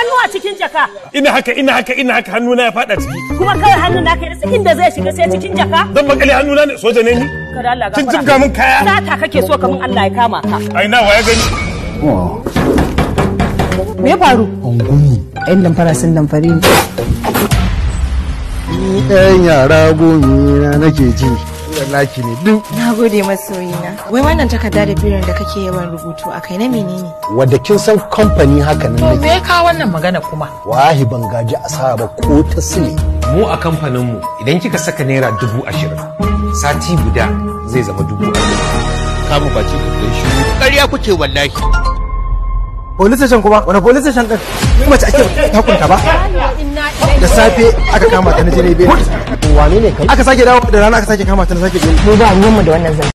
hannu a cikin jaka ina haka ina haka ina haka hannu na ya fada ciki kuma kawai hannun da ya inda zai shiga sai cikin jaka zan makale hannu na ne soja ne ni kada Allah kin jibga min kaya ta kake so kamun Allah ya kama ka ai na waya gani me faru Ai dan damfara sun damfare ni ɗayan yara gumi na nake ji laki ne duk na gode masoyina wai wannan takarda da biran da kake yawan rubutu a kai na menene wanda kin san kamfani haka nan ne me ka wannan magana kuma wahi ban gaji asara ba ko ta sile mu a kamfanin mu idan kika saka naira dubu ashirin sati guda zai zama dubu ashirin kamu ba ce kudin shi ƙarya kuke wallahi police station kuma wani police station din kuma ce ake takunta ba safe aka kama ta na jire wani ne kai aka sake dawo da rana aka sake kama ta na sake jire mu ba ruwan mu da wannan zan